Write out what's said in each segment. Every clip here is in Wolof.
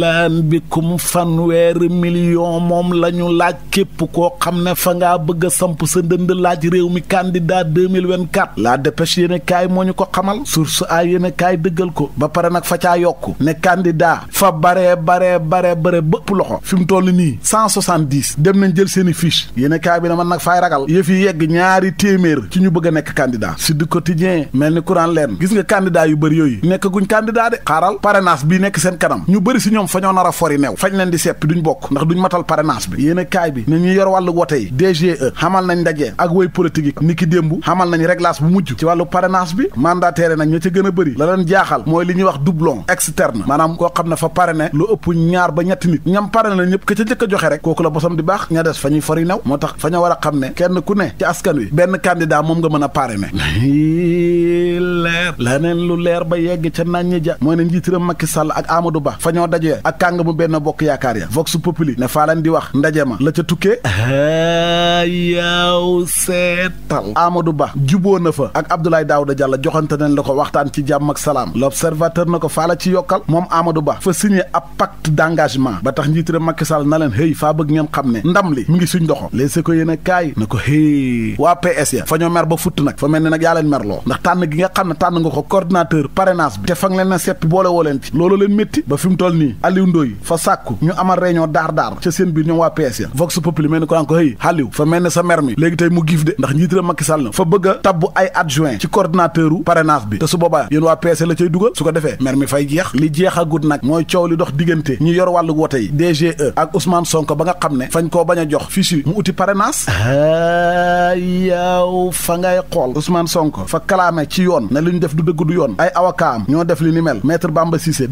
laan bikum fanweeri million moom la ñu laaj képp koo xam ne fa ngaa bëgg a samp sa ndënd laaj réew mi candidat 2024 la dépêche yéen kaay moo ñu ko xamal source a yéen kaay dëggal ko ba pare nag fa caa yokk ne candidat fa baree bare baree bare bëpp loxo fi mu toll nii 170 dem nañ jël seeni i fiche yéen kaay bi na ma nag faay ragal yëf yi yegg ñaari téeméer ci ñu bëgg a nekk candidat Sud Quotidien mel ni courant leen gis nga candidat yu bëri yooyu nekk guñ candidat de xaaral bi nekk seen kanam ñu bëri si ñoom fa ñoo nar a fori new fañ leen di seppi duñ bokk ndax duñ matal parrainage bi yéen a kaay bi ne ñu yor wàllu wote yi DGE xamal nañ ndaje ak woy politique yi ni ki démb xamal nañ réglage bu mujj ci wàllu parrainage bi mandataire nag ña ca gën a bëri la leen jaaxal mooy li ñuy wax doublon externe maanaam koo xam ne fa parrainé lu ëpp ñaar ba ñetti nit ñam parrainé ñëpp ka ca jëkk a joxe rek kooku la bosam di baax ña des fa ñuy fori new moo tax fa ñoo war a xam kenn ku ne ci askan wi benn candidat moom nga mën a parrainé leer la neen lu leer ba yegg ca nañ ñi ja mooy ne njiitiram Macky Sall ak Amadou fa ñoo dajee ak kàng kàngamu benn bokk yaakaar ya vox populi ne faa leen di wax ndaje ma la ca tukkee yaaw seetal Amadou Ba juboo na fa ak Abdoulaye Daouda Diallo joxante nañ la ko waxtaan ci jàmm ak salaam l'observateur na ko faala ci yokkal moom Amadou Ba fa signé ab pacte d'engagement ba tax njiitere Macky Sall na leen xëy faa bëgg ngeen xam ne ndam li mu ngi suñ doxo les se ko yéen a kaay na ko xëy waa PS ya fa ñoo mer ba futt nag fa mel ni nag yaa leen merloo ndax tànn gi nga xam ne tànn ko coordinateur parrainage bi te na seppi boole woo leen ci loolu leen métti ba fi mu toll nii Aliou Ndoye fa sàkku ñu amal réunion daar daar ca seen biir ñoom waa PS ya Vox Populi mel ni ko naan ko hëy Aliou fa mel ne sa mer mi léegi tey mu giif de ndax njiitëram Macky Sall na fa bëgg tabbu ay adjoint ci coordinateur u parrainage bi te su boobaa yéen waa PS la cay dugal su ko defee mer mi fay jeex li jeexagut nag mooy coow li dox diggante ñu yor wàllu wote yi DGE ak Ousmane Sonko ba nga xam ne fañ koo bañ a jox fiche mu uti parrainage ah. yow fa ngay xool Ousmane Sonko fa kalaame ci yoon ne li ñu def du dëgg du yoon ay avocat am ñoo def li ni mel maître Bamba Cissé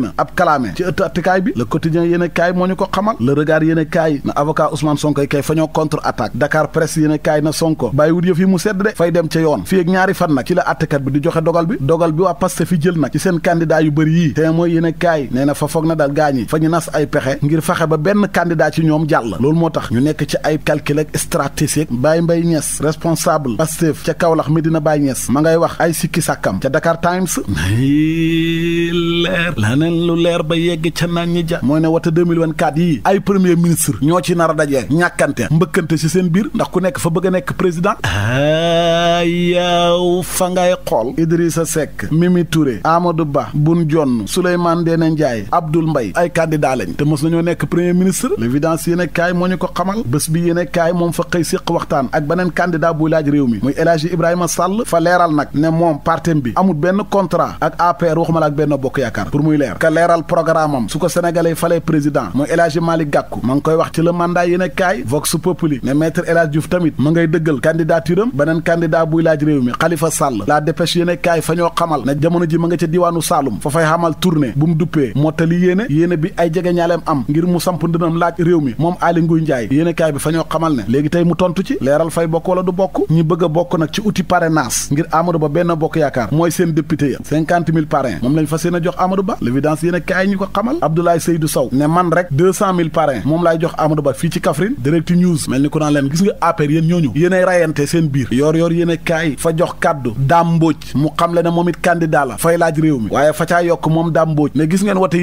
na ab kalaame ci ëtt attikaay bi le quotidien yéen kaay moo ñu ko xamal le regard yéen a kaay na avocat Ousmane Sonko yi kay fa ñoo contre attaque Dakar presse a kaay na Sonko bàyyiwut yëf yi mu sedd de fay dem ca yoon fii ak ñaari fan nag ci la attekat bi di joxe dogal bi dogal bi waa Pastef fi jël nag ci seen candidat a benn candidat ci ñoom jàll loolu moo tax ñu nekk ci ay calcul ak stratégie Baye Mbaye responsable Pastef ca Kaolack Medina Baye Niass ma ngay wax ay sikki sàkkam ca Dakar Times leer laneen lu leer ba yegg ca naan ñi ja moo ne wata 2024 yi ay premier ministre ñoo ci nar a dajee ñàkkante mbëkkante ci seen biir ndax ku nekk fa bëgg a nekk président yaaw fa ngay xool sa Seck Mimi Touré Amadou Ba Boun Dionne Souleymane Ndéné Ndiaye Abdoul Mbaye ay candidat lañ te mos nañoo nekk premier ministre l'évidence yéen a kaay moo ñu ko xamal bés bi yéen a kaay moom réew mi muy El Hadji Ibrahima Sall fa leeral nag ne moom partem bi amul benn contrat ak APR waxuma la ak benn bokk yaakaar pour muy leer ka leeral programme am su ko sénégalais falee président muy El Hadji Malick Gakou ma ngi koy wax ci la mandat yéen a kaay Vox Populi ne maître El Hadji Diouf tamit ma ngay dëggal candidature am beneen candidat buy laaj réew mi Khalifa Sall la dépêche yéen a kaay fa ñoo xamal ne jamono ji ma nga ca diwaanu Saalum fa fay xamal mu duppee mottali yéene yéene réew mi moom Aly Ngouille Ndiaye yéen kaay bi fa ñoo xamal léegi tey mu tontu ci leeral fay ñi bëgg a bokk nag ci outil parrainage ngir Amadou Ba benn bokk yaakaar mooy seen député ya cinquante mille parrain moom lañ fas jox Amadou Ba l'évidence yéen a kaay ñu ko xamal Abdoulaye Seydou Sow ne man rek deux cent mille parrain moom laay jox Amadou Ba fii ci Kaffrine direct news mel ni ko leen gis nga APR yéen ñooñu yéen ay seen biir yoor yoor yéen kaay fa jox kàddu Dame Mbodj mu xam ne moom it candidat la fay laaj réew mi waaye fa caa yokk moom Dame Mbodj ne gis ngeen wote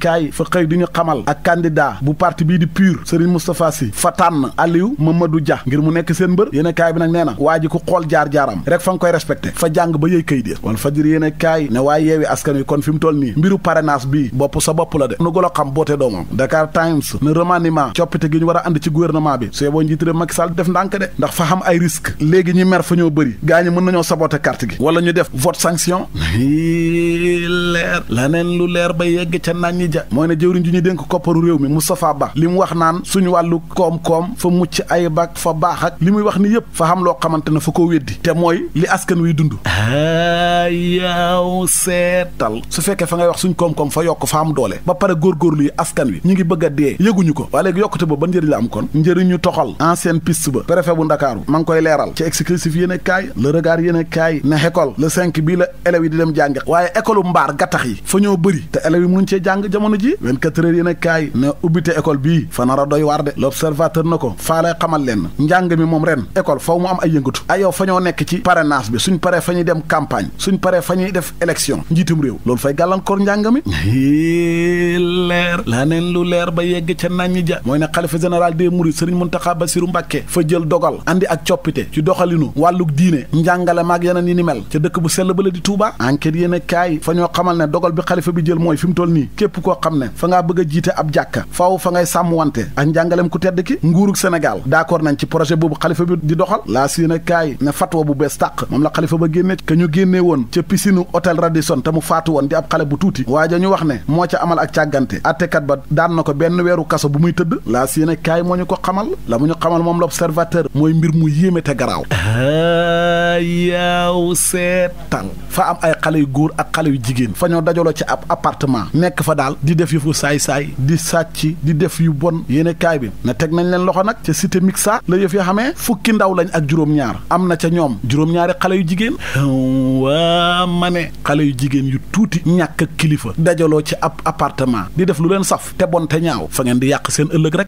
kaay fa xëy du ñu xamal ak candidat bu parti bii di PUR Serigne Moustapha Sy fa tànn Aliou Mamadou Dia ngir mu nekk seen mbër yéen kaay bi nag nee na waa ji ku xool jaar-jaaram rek fa nga koy respecté fa jàng ba yëy kay dee wala fajir yéen kaay ne waaye yeewi askan wi kon fi mu toll nii mbiru parrainage bi bopp sa bopp la de nu golo xam boote doomam Dakar Times ne remaniement coppite gi ñu war a ànd ci gouvernement bi su yeboo njiit réew Macky Sall def ndànk de ndax fa xam ay risque ñu def vote sanction leer laneen lu leer ba yegg ca Seydi mooy na jëwriñ ju ñu dénk kopparu réew mi Moustapha Ba li mu wax naan suñu wàllu koom-koom fa mucc ayib ak fa baaxak li muy wax ni yëpp fa xam loo xamante ne fa ko weddi te mooy li askan wiy dund yaaw seetal su fekkee fa ngay wax suñ koom-koom fa yokk fa am doole ba pare góorgóorlu yi askan wi ñu ngi bëgg a dee yëguñu ko waa léegi yokkute ba ba njëriñ la am kon njëriñu toxal ancienne piste ba préfet bu Ndakaaru ma ngi koy leeral ci exclusif yéene kaay le regard yéene kaay ne école le cinq bii la élèves di dem jàngi waaye école mbaar gattax yi fa ñoo bëri te élèves jàng jamono ji 24 heures yéen a kaay ne ubbite école bii fa nar a doy waar de l' na ko faa xamal leen njàng mi moom ren école faw mu am ay yëngatu ay yow fa ñoo nekk ci parrainage bi suñ paree fa ñuy dem campagne suñ paree fa ñuy def élection njiitum réew loolu fay gàllankoor njàng mi leer laa neen lu leer ba yegg ca nañ ñi ja mooy ne xalifa général des mourides sëriñ Muntaxa Basiru Mbàkke fa jël dogal andi ak coppite ci doxalinu wàlluk diine njàngale maag yeneen yi ni mel ca dëkk bu sell ba la di Tuuba enquête yéen fa ñoo xamal ne dogal bi xalifa bi jël mooy fi mu toll nii képp koo xam ne fa ngaa bëgg jiite ab jàkka faaw fa ngay sàmmwante ak njàngalem ku tedd ki nguurug Sénégal d'accord nañ ci projet boobu xalifa bi di doxal laa si ne kaay ne fatwa bu bees tàq moom la xalifa ba génne ka ñu génnee woon ca piscine hôtel Radisson te mu faatu woon di ab xale bu tuuti waa ja ñu wax ne moo ca amal ak càggante attekat ba daan na ko benn weeru kaso bu muy tëdd laa si ne kaay moo ñu ko xamal la mu ñu xamal moom la l'observateur mooy mbir mu yéeme te garaaw yaaw fa am ay xale yu góor ak xale yu jigéen fa ñoo dajaloo ci ab appartement nekk fa daal di def yëfu saay-saay di sàcc di def yu bon yéene bi na teg nañ leen loxo nag ca cité mixa la yëf yoo xamee fukki ndaw lañ ak juróom-ñaar am na ca ñoom juróom-ñaari xale yu jigéen waa ma ne xale yu jigéen yu tuuti ñàkk kilifa dajaloo ci ab apartement di def lu leen saf te bon te ñaaw fa ngeen di yàq seen ëllëg rek